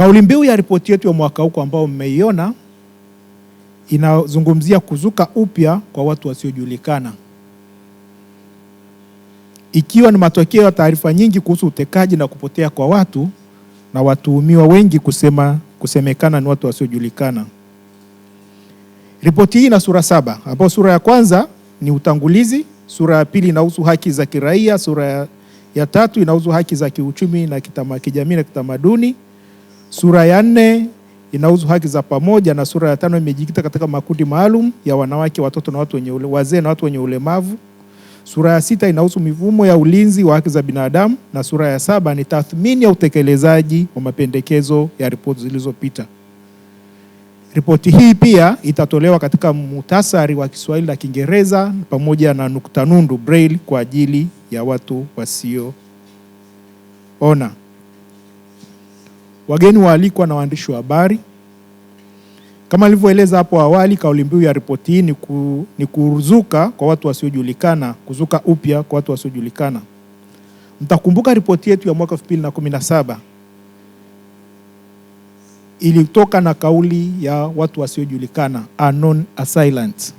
Kauli mbiu ya ripoti yetu ya mwaka huko ambao mmeiona inazungumzia kuzuka upya kwa watu wasiojulikana, ikiwa ni matokeo ya taarifa nyingi kuhusu utekaji na kupotea kwa watu na watuhumiwa wengi kusema kusemekana ni watu wasiojulikana. Ripoti hii ina sura saba, ambapo sura ya kwanza ni utangulizi, sura ya pili inahusu haki za kiraia, sura ya tatu inahusu haki za kiuchumi na kijamii na kitamaduni Sura ya nne inahusu haki za pamoja na sura ya tano imejikita katika makundi maalum ya wanawake, watoto na watu wenye ule, wazee na watu wenye ulemavu. Sura ya sita inahusu mifumo ya ulinzi wa haki za binadamu na sura ya saba ni tathmini ya utekelezaji wa mapendekezo ya ripoti zilizopita. Ripoti hii pia itatolewa katika muhtasari wa Kiswahili na Kiingereza pamoja na nukta nundu braille kwa ajili ya watu wasioona wageni waalikwa na waandishi wa habari. Kama alivyoeleza hapo awali, kauli mbiu ya ripoti hii ni, ku, ni kuzuka kwa watu wasiojulikana, kuzuka upya kwa watu wasiojulikana. Mtakumbuka ripoti yetu ya mwaka 2017 ilitoka na kauli ya watu wasiojulikana unknown assailants,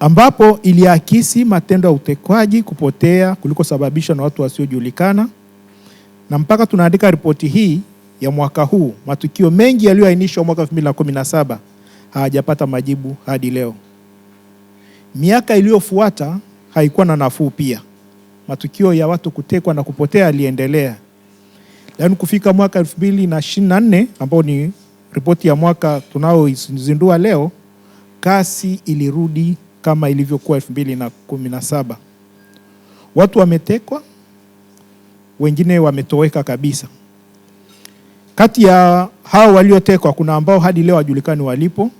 ambapo iliakisi matendo ya utekwaji kupotea kulikosababishwa na watu wasiojulikana na mpaka tunaandika ripoti hii ya mwaka huu, matukio mengi yaliyoainishwa mwaka 2017 hayajapata majibu hadi leo. Miaka iliyofuata haikuwa na nafuu pia, matukio ya watu kutekwa na kupotea yaliendelea, lakini kufika mwaka 2024 ambao ni ripoti ya mwaka tunaozindua leo, kasi ilirudi kama ilivyokuwa 2017. Watu wametekwa wengine wametoweka kabisa. Kati ya hao waliotekwa kuna ambao hadi leo hawajulikani walipo,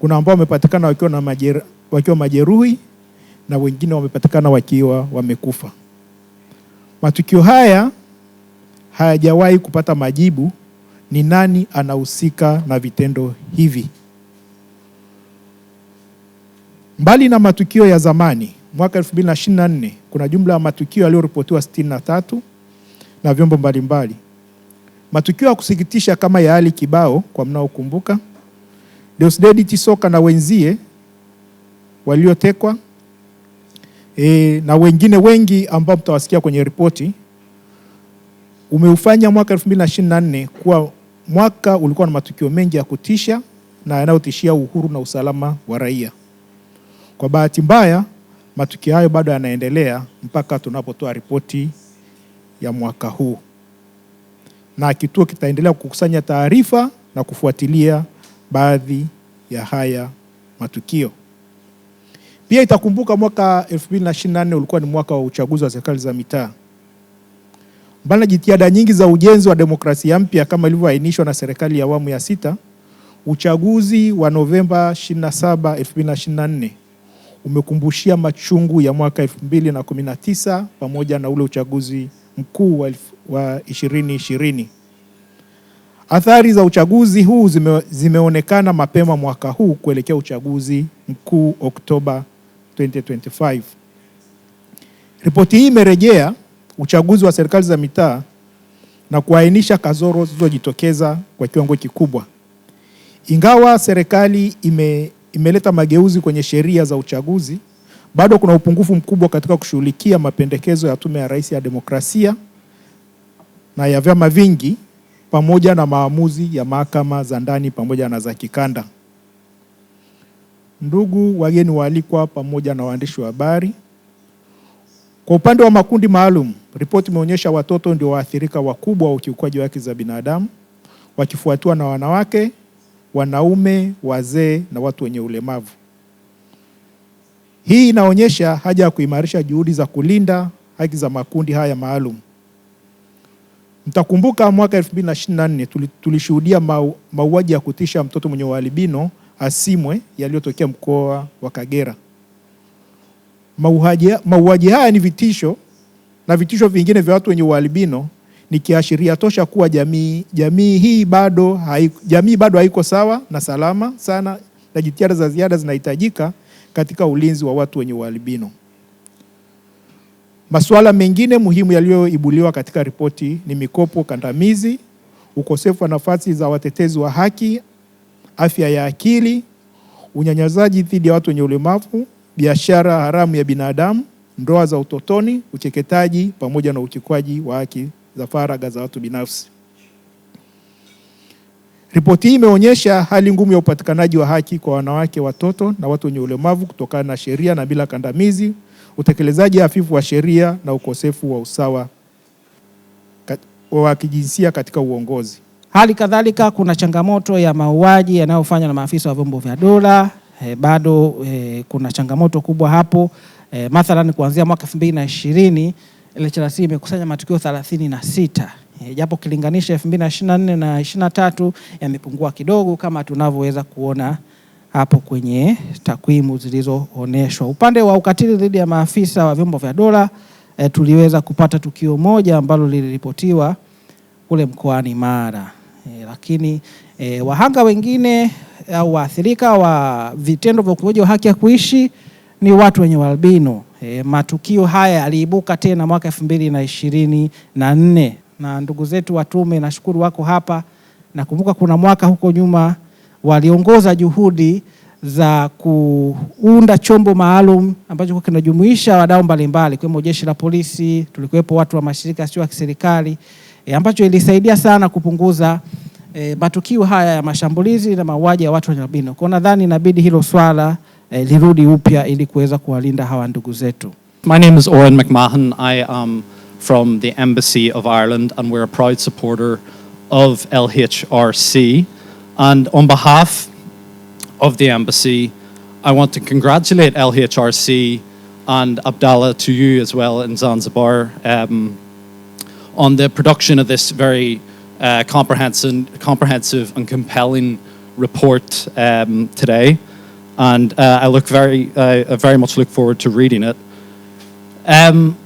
kuna ambao wamepatikana wakiwa na majeru, wakiwa majeruhi na wengine wamepatikana wakiwa wamekufa. Matukio haya hayajawahi kupata majibu, ni nani anahusika na vitendo hivi. Mbali na matukio ya zamani, mwaka 2024 kuna jumla ya matukio yaliyoripotiwa 63 na vyombo mbalimbali. Matukio ya kusikitisha kama ya Ali Kibao kwa mnaokumbuka, Deusdedith Tisoka na wenzie waliotekwa e, na wengine wengi ambao mtawasikia kwenye ripoti umeufanya mwaka 2024 kuwa mwaka ulikuwa na matukio mengi ya kutisha na yanayotishia uhuru na usalama wa raia. Kwa bahati mbaya, matukio hayo bado yanaendelea mpaka tunapotoa ripoti ya mwaka huu, na kituo kitaendelea kukusanya taarifa na kufuatilia baadhi ya haya matukio. Pia itakumbuka mwaka 2024 ulikuwa ni mwaka wa uchaguzi wa serikali za mitaa. Mbali na jitihada nyingi za ujenzi wa demokrasia mpya kama ilivyoainishwa na serikali ya awamu ya sita, uchaguzi wa Novemba 27, 2024 umekumbushia machungu ya mwaka 2019 pamoja na ule uchaguzi mkuu wa 2020. Athari za uchaguzi huu zime, zimeonekana mapema mwaka huu kuelekea uchaguzi mkuu Oktoba 2025. Ripoti hii imerejea uchaguzi wa serikali za mitaa na kuainisha kasoro zilizojitokeza kwa kiwango kikubwa. Ingawa serikali ime imeleta mageuzi kwenye sheria za uchaguzi, bado kuna upungufu mkubwa katika kushughulikia mapendekezo ya Tume ya Rais ya Demokrasia na ya vyama vingi pamoja na maamuzi ya mahakama za ndani pamoja na za kikanda. Ndugu wageni waalikwa, pamoja na waandishi wa habari, kwa upande wa makundi maalum, ripoti imeonyesha watoto ndio waathirika wakubwa wa ukiukwaji wa haki za binadamu wakifuatiwa na wanawake wanaume, wazee na watu wenye ulemavu. Hii inaonyesha haja ya kuimarisha juhudi za kulinda haki za makundi haya maalum. Mtakumbuka mwaka 2024 tulishuhudia mauaji ya kutisha mtoto mwenye ualbino Asimwe yaliyotokea mkoa wa Kagera. Mauaji haya ni vitisho na vitisho vingine vya watu wenye ualbino ni kiashiria tosha kuwa jamii jamii hii bado haiko, jamii bado haiko sawa na salama sana, na jitihada za ziada zinahitajika katika ulinzi wa watu wenye ualbino. Masuala mengine muhimu yaliyoibuliwa katika ripoti ni mikopo kandamizi, ukosefu wa nafasi za watetezi wa haki, afya ya akili, unyanyasaji dhidi ya watu wenye ulemavu, biashara haramu ya binadamu, ndoa za utotoni, ucheketaji pamoja na ukiukwaji wa haki za faragha za watu binafsi. Ripoti hii imeonyesha hali ngumu ya upatikanaji wa haki kwa wanawake, watoto na watu wenye ulemavu kutokana na sheria na bila kandamizi, utekelezaji hafifu wa sheria na ukosefu wa usawa wa kijinsia katika uongozi. Hali kadhalika kuna changamoto ya mauaji yanayofanywa na maafisa wa vyombo vya dola. E, bado e, kuna changamoto kubwa hapo e, mathalan kuanzia mwaka elfu mbili na ishirini LHRC imekusanya matukio 36 eh, japo kilinganisha 2024 na 23 yamepungua kidogo kama tunavyoweza kuona hapo kwenye takwimu zilizoonyeshwa. Upande wa ukatili dhidi ya maafisa wa vyombo vya dola e, tuliweza kupata tukio moja ambalo liliripotiwa kule mkoani Mara e, lakini e, wahanga wengine au waathirika wa vitendo vya ukiukaji wa haki ya kuishi ni watu wenye ualbino. E, matukio haya yaliibuka tena mwaka elfu mbili na ishirini na nne na ndugu zetu wa tume nashukuru wako hapa. Nakumbuka kuna mwaka huko nyuma waliongoza juhudi za kuunda chombo maalum ambacho kinajumuisha wadau mbalimbali ikiwemo jeshi la polisi, tulikuwepo watu wa mashirika sio ya kiserikali e, ambacho ilisaidia sana kupunguza e, matukio haya ya mashambulizi na mauaji ya watu wenye albino. Kwa nadhani inabidi hilo swala lirudi eh, upya ili kuweza kuwalinda hawa ndugu zetu. My name is Oren McMahon. I am from the Embassy of Ireland and we're a proud supporter of LHRC. And on behalf of the Embassy, I want to congratulate LHRC and Abdallah to you as well in Zanzibar um, on the production of this very uh, comprehensive, comprehensive and compelling report um, today and uh, I look very, uh, very much look forward to reading it. Um,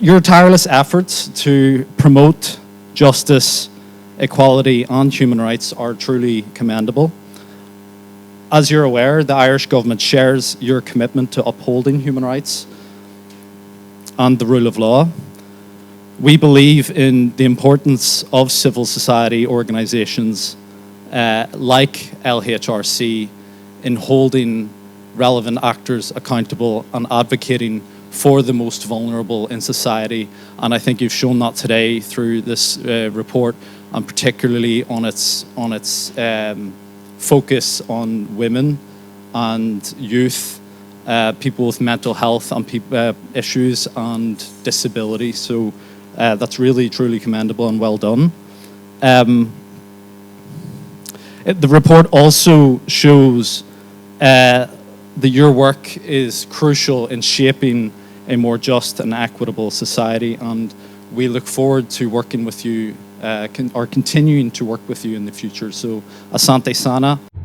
your tireless efforts to promote justice, equality, and human rights are truly commendable. As you're aware, the Irish government shares your commitment to upholding human rights and the rule of law. We believe in the importance of civil society organisations uh, like LHRC in holding relevant actors accountable and advocating for the most vulnerable in society. And I think you've shown that today through this uh, report, and particularly on its on its um, focus on women and youth, uh, people with mental health and pe- uh, issues and disability. So uh, that's really truly commendable and well done. Um, it, the report also shows uh, that your work is crucial in shaping a more just and equitable society. And we look forward to working with you uh, con- or continuing to work with you in the future. So, Asante Sana.